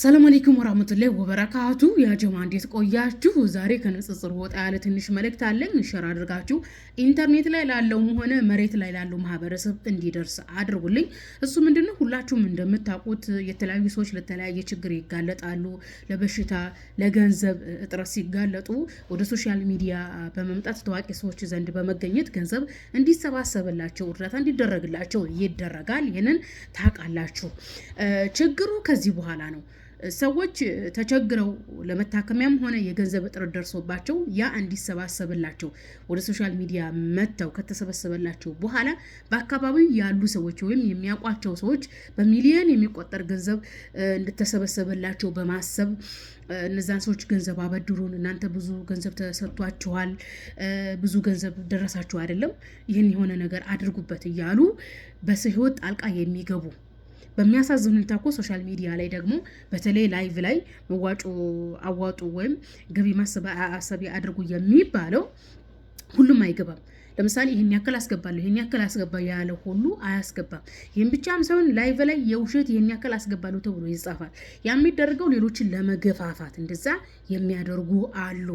ሰላም አለይኩም ወራህመቱላሂ ወበረካቱ። ያ ጀማ እንዴት ቆያችሁ? ዛሬ ከንጽጽር ወጣ ያለ ትንሽ መልእክት አለኝ። ሸር አድርጋችሁ ኢንተርኔት ላይ ላለውም ሆነ መሬት ላይ ላለው ማህበረሰብ እንዲደርስ አድርጉልኝ። እሱ ምንድነው? ሁላችሁም እንደምታውቁት የተለያዩ ሰዎች ለተለያየ ችግር ይጋለጣሉ። ለበሽታ፣ ለገንዘብ እጥረት ሲጋለጡ ወደ ሶሻል ሚዲያ በመምጣት ታዋቂ ሰዎች ዘንድ በመገኘት ገንዘብ እንዲሰባሰብላቸው፣ እርዳታ እንዲደረግላቸው ይደረጋል። ይህንን ታውቃላችሁ። ችግሩ ከዚህ በኋላ ነው ሰዎች ተቸግረው ለመታከሚያም ሆነ የገንዘብ እጥረት ደርሶባቸው ያ እንዲሰባሰብላቸው ወደ ሶሻል ሚዲያ መጥተው ከተሰበሰበላቸው በኋላ በአካባቢው ያሉ ሰዎች ወይም የሚያውቋቸው ሰዎች በሚሊዮን የሚቆጠር ገንዘብ እንደተሰበሰበላቸው በማሰብ እነዛን ሰዎች ገንዘብ አበድሩን፣ እናንተ ብዙ ገንዘብ ተሰጥቷችኋል፣ ብዙ ገንዘብ ደረሳችሁ አይደለም፣ ይህን የሆነ ነገር አድርጉበት እያሉ በሰው ሕይወት ጣልቃ የሚገቡ በሚያሳዝን ሁኔታ እኮ ሶሻል ሚዲያ ላይ ደግሞ በተለይ ላይቭ ላይ መዋጮ አዋጡ ወይም ገቢ ማሰባሰቢያ አድርጉ የሚባለው ሁሉም አይገባም። ለምሳሌ ይህን ያክል አስገባለሁ ይህን ያክል አስገባ ያለ ሁሉ አያስገባም። ይህን ብቻም ሳይሆን ላይቭ ላይ የውሸት ይህን ያክል አስገባለሁ ተብሎ ይጻፋል። ያ የሚደረገው ሌሎችን ለመገፋፋት እንደዛ የሚያደርጉ አሉ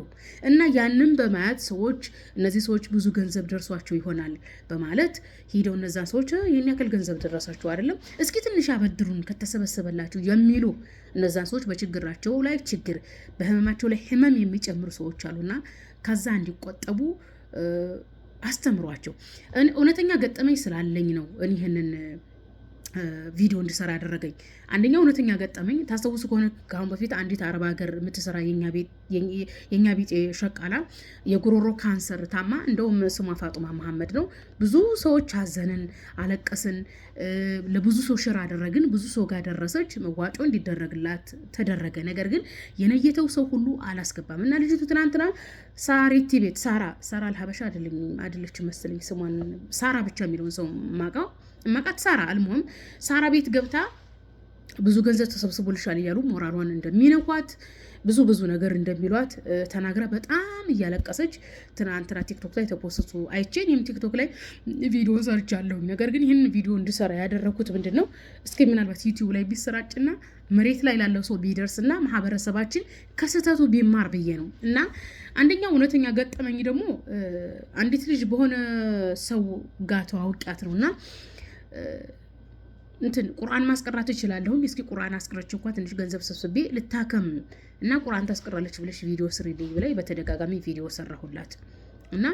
እና ያንን በማየት ሰዎች እነዚህ ሰዎች ብዙ ገንዘብ ደርሷቸው ይሆናል በማለት ሂደው እነዛ ሰዎች ይህን ያክል ገንዘብ ደረሳቸው አይደለም እስኪ ትንሽ አበድሩን ከተሰበሰበላቸው የሚሉ እነዛን ሰዎች በችግራቸው ላይ ችግር በህመማቸው ላይ ህመም የሚጨምሩ ሰዎች አሉና ከዛ እንዲቆጠቡ አስተምሯቸው። እውነተኛ ገጠመኝ ስላለኝ ነው እኔ ይህንን ቪዲዮ እንድሰራ ያደረገኝ አንደኛ እውነተኛ ገጠመኝ ታስታውሱ ከሆነ ከአሁን በፊት አንዲት አረብ ሀገር የምትሰራ የእኛ ቤት ሸቃላ የጉሮሮ ካንሰር ታማ፣ እንደውም ስሟ ፋጡማ መሐመድ ነው። ብዙ ሰዎች አዘንን፣ አለቀስን፣ ለብዙ ሰው ሽር አደረግን። ብዙ ሰው ጋር ደረሰች፣ መዋጮ እንዲደረግላት ተደረገ። ነገር ግን የነየተው ሰው ሁሉ አላስገባም እና ልጅቱ ትናንትና ሳሪቲ ቤት ሳራ ሳራ አልሀበሻ አደለች መስለኝ ስሟን ሳራ ብቻ የሚለውን ሰው ማቃው እማቃት ሳራ አልሞም ሳራ ቤት ገብታ ብዙ ገንዘብ ተሰብስቦልሻል እያሉ ሞራሯን እንደሚነኳት ብዙ ብዙ ነገር እንደሚሏት ተናግራ በጣም እያለቀሰች ትናንትና ቲክቶክ ላይ ተፖስቱ አይቼ እኔም ቲክቶክ ላይ ቪዲዮ ሰርቻለሁ። ነገር ግን ይህን ቪዲዮ እንድሰራ ያደረግኩት ምንድን ነው እስኪ ምናልባት ዩቲዩብ ላይ ቢሰራጭና መሬት ላይ ላለው ሰው ቢደርስና ማህበረሰባችን ከስህተቱ ቢማር ብዬ ነው። እና አንደኛው እውነተኛ ገጠመኝ ደግሞ አንዲት ልጅ በሆነ ሰው ጋር ተዋውቂያት ነው እና እንትን ቁርአን ማስቀራት እችላለሁኝ። እስኪ ቁርአን አስቀረች እንኳ ትንሽ ገንዘብ ሰብስቤ ልታከም እና ቁርአን ታስቀራለች ብለሽ ቪዲዮ ስሪልኝ ብላይ በተደጋጋሚ ቪዲዮ ሰራሁላት እና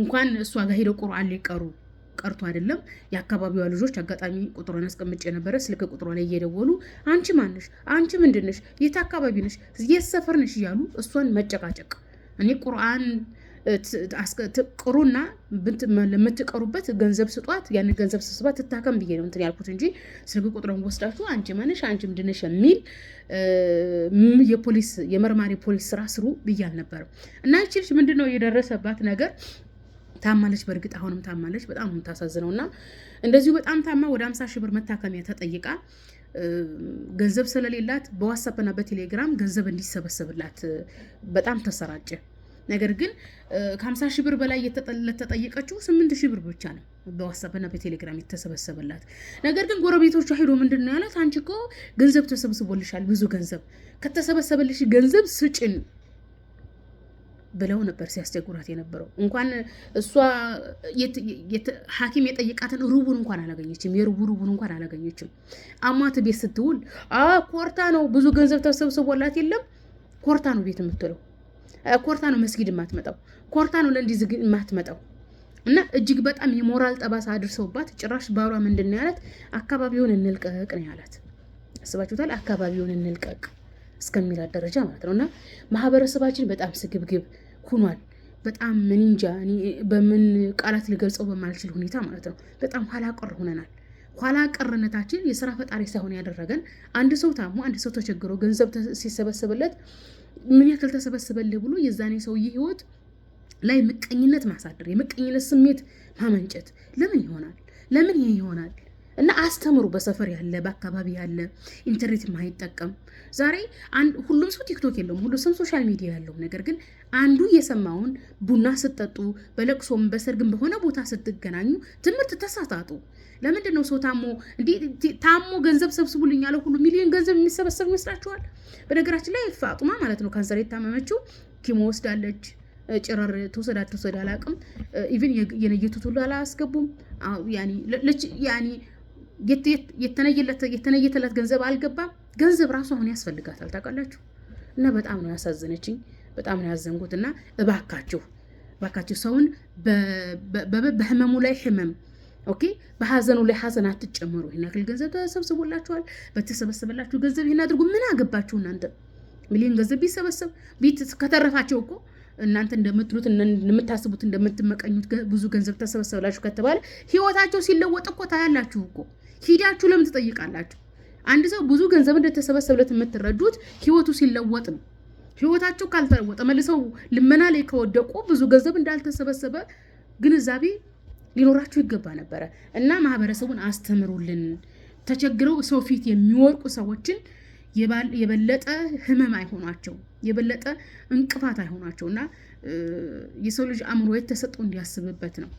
እንኳን እሷ ጋር ሄደው ቁርአን ሊቀሩ ቀርቶ አይደለም የአካባቢዋ ልጆች አጋጣሚ ቁጥሯን አስቀምጬ የነበረ ስልክ ቁጥሯ ላይ እየደወሉ አንቺ ማንሽ፣ አንቺ ምንድንሽ፣ የት አካባቢ ነሽ፣ የት ሰፈር ነሽ እያሉ እሷን መጨቃጨቅ እኔ ቁርአን ቅሩና ለምትቀሩበት ገንዘብ ስጧት። ያንን ገንዘብ ስስባት ትታከም ብዬ ነው እንትን ያልኩት እንጂ ስልክ ቁጥርን ወስዳችሁ አንቺ መነሽ አንቺ ምድነሽ የሚል የፖሊስ የመርማሪ ፖሊስ ስራ ስሩ ብዬ አልነበረም። እና ይቺ ልጅ ምንድን ነው የደረሰባት ነገር ታማለች። በእርግጥ አሁንም ታማለች። በጣም የምታሳዝነው እና እንደዚሁ በጣም ታማ ወደ አምሳ ሺህ ብር መታከሚያ ተጠይቃ ገንዘብ ስለሌላት በዋትሳፕና በቴሌግራም ገንዘብ እንዲሰበሰብላት በጣም ተሰራጨ። ነገር ግን ከ50 ሺህ ብር በላይ የተጠየቀችው 8 ሺህ ብር ብቻ ነው በዋትሳፕና በቴሌግራም የተሰበሰበላት። ነገር ግን ጎረቤቶቿ ሄዶ ምንድን ነው ያላት? አንቺ እኮ ገንዘብ ተሰብስቦልሻል፣ ብዙ ገንዘብ ከተሰበሰበልሽ ገንዘብ ስጭን ብለው ነበር ሲያስቸግሯት የነበረው። እንኳን እሷ ሐኪም የጠየቃትን ሩቡን እንኳን አላገኘችም፣ የሩቡ ሩቡን እንኳን አላገኘችም። አማት ቤት ስትውል ኮርታ ነው ብዙ ገንዘብ ተሰብስቦላት የለም ኮርታ ነው ቤት የምትለው ኮርታ ነው መስጊድ የማትመጣው፣ ኮርታ ነው ለእንዲህ የማትመጣው። እና እጅግ በጣም የሞራል ጠባሳ አድርሰውባት ጭራሽ ባሏ ምንድን ነው ያላት? አካባቢውን እንልቀቅ ነው ያላት። አስባችሁታል? አካባቢውን እንልቀቅ እስከሚላት ደረጃ ማለት ነው። እና ማህበረሰባችን በጣም ስግብግብ ሁኗል። በጣም ምን እንጃ በምን ቃላት ልገልጸው በማልችል ሁኔታ ማለት ነው። በጣም ኋላ ቀር ሆነናል። ኋላ ቀርነታችን የስራ ፈጣሪ ሳይሆን ያደረገን አንድ ሰው ታሞ አንድ ሰው ተቸግሮ ገንዘብ ሲሰበሰብለት ምን ያክል ተሰበስበልህ ብሎ የዛኔ ሰውዬ ህይወት ላይ ምቀኝነት ማሳደር፣ የምቀኝነት ስሜት ማመንጨት ለምን ይሆናል? ለምን ይሄ ይሆናል? እና አስተምሩ። በሰፈር ያለ በአካባቢ ያለ ኢንተርኔት ማይጠቀም ዛሬ ሁሉም ሰው ቲክቶክ የለውም፣ ሁሉም ሰው ሶሻል ሚዲያ ያለው። ነገር ግን አንዱ የሰማውን ቡና ስጠጡ በለቅሶም በሰርግም በሆነ ቦታ ስትገናኙ ትምህርት ተሳታጡ። ለምንድን ነው ሰው ታሞ እንዴ ታሞ ገንዘብ ሰብስቡልኝ ያለ ሁሉ ሚሊዮን ገንዘብ የሚሰበሰብ ይመስላችኋል? በነገራችን ላይ ፋጡማ ማለት ነው ካንሰር የታመመችው ኪሞ ወስዳለች። ጭረር ተወሰዳ ተወሰዳ አላውቅም። ኢቨን የነየቱት ሁሉ አላስገቡም። ያኔ የተነየተለት ገንዘብ አልገባም። ገንዘብ ራሱ አሁን ያስፈልጋታል ታውቃላችሁ። እና በጣም ነው ያሳዘነችኝ፣ በጣም ነው ያዘንጉት። እና እባካችሁ እባካችሁ ሰውን በህመሙ ላይ ህመም ኦኬ፣ በሀዘኑ ላይ ሀዘን አትጨምሩ። ይህን ያክል ገንዘብ ተሰብስቦላችኋል። በተሰበሰበላችሁ ገንዘብ ይህን አድርጉ። ምን አገባችሁ እናንተ? ሚሊዮን ገንዘብ ቢሰበሰብ ቢት ከተረፋቸው እኮ እናንተ እንደምትሉት እንደምታስቡት እንደምትመቀኙት ብዙ ገንዘብ ተሰበሰብላችሁ ከተባለ ህይወታቸው ሲለወጥ እኮ ታያላችሁ እኮ። ሂዳችሁ ለምን ትጠይቃላችሁ? አንድ ሰው ብዙ ገንዘብ እንደተሰበሰብለት የምትረዱት ህይወቱ ሲለወጥ ነው። ህይወታቸው ካልተለወጠ መልሰው ልመና ላይ ከወደቁ ብዙ ገንዘብ እንዳልተሰበሰበ ግንዛቤ ሊኖራችሁ ይገባ ነበረ እና ማህበረሰቡን አስተምሩልን። ተቸግረው ሰው ፊት የሚወርቁ ሰዎችን የበለጠ ህመም አይሆናቸው፣ የበለጠ እንቅፋት አይሆናቸው እና የሰው ልጅ አእምሮ የተሰጠው እንዲያስብበት ነው።